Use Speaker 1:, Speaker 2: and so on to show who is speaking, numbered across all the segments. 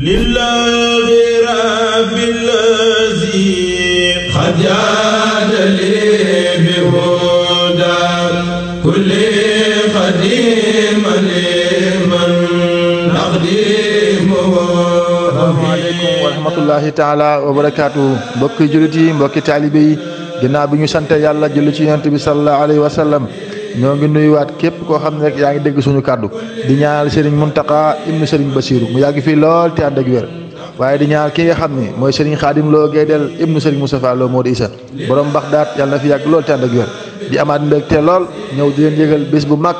Speaker 1: لله رب الذي قد عاد لي بهدى كل قديم لمن نقدمه ورحمة الله تعالى وبركاته بك جلتي بك تعليبي جنابي نسانت يالله جلتي ينتبه صلى الله عليه وسلم ñoo ngi nuyuwaat képp koo xam ne rek yaa ngi suñu di Serigne Muntaka ibnu Serigne Basiru mu yàgg fii lool te ànd ak wér waaye di lo ki nga xam ne Serigne Xaadim loo Gaydel ibnu Serigne Moustapha lo moo isa borom Baxdaat yàlla fi yàgg lool te ànd ak wér di amaat mbégte lool ñëw di leen yëgal bés bu mag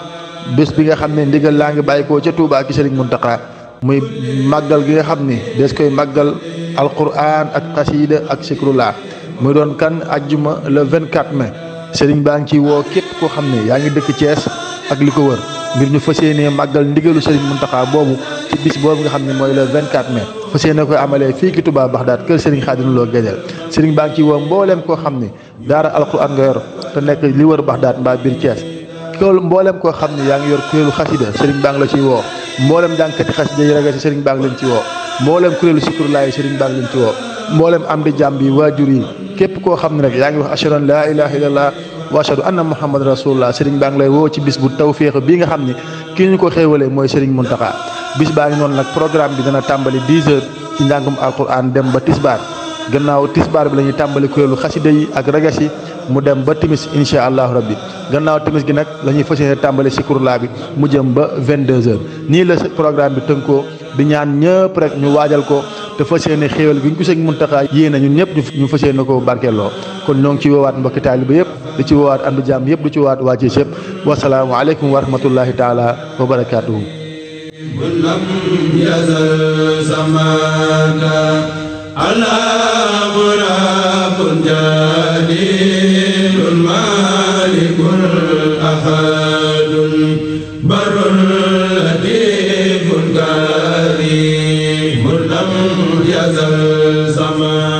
Speaker 1: bés bi nga xam ndigal laa ngi bàyyikoo ca Touba ki Serigne Muntaka muy màggal gi nga xam des koy màggal alquran ak xasiida ak muy kan ajjuma le 24 mai Serigne baa ngi koo xam ne yaa ngi dëkk Thiès ak li ko wër ngir ñu fas yéenee màggal ndigalu Serigne Mountakha boobu ci bis boobu nga xam ne mooy le 24 mai fas yéene koy amalee fii ki Touba Baxdaad kër Serigne Khadim Lo Guédiel Serigne baa ci woo mbooleem koo xam ne alquran nga yor te nekk li wër Baxdaad mbaa biir Thiès loolu mboolem koo xam ne yaa ngi yor kuréelu xasida Serigne baa ngi la ciy woo mboolem jàngkati xasida yi ragal si Serigne baa ngi ci Serigne ci rek yaa ngi wax ashhadu la laa illallah wa ashhadu anna muhammad rasulullah serigne bang lay wo ci bis bu tawfiq bi nga xamni ki ñu ko xewale moy serigne muntaka bis ba ngi non nak programme bi dana tambali 10 heures ci njangum alquran dem ba tisbar gannaaw tisbar bi lañuy tambali kurelu khassida yi ak ragasi mu dem ba timis insha allah rabbi gannaaw timis gi nak lañuy tambali sikurla bi mu jëm ba 22 heures ni la programme bi di ñaan ñepp rek ñu wajal ko te fas yéene xéewal gi ñu ko sëñ Muntaxa yéene ñun ñëpp ñu fas yéene ko barkeeloo kon ñoo ngi ci woowaat mbokki taaliba yëpp di ci woowaat andu jàmm yëpp di ci woowaat waa Thiès yëpp wasalaamu aleykum wa rahmatullahi wa barakaatuhu لم يزل زمانا على غراب جليل مالك أحد بر الذي 你走，走吧。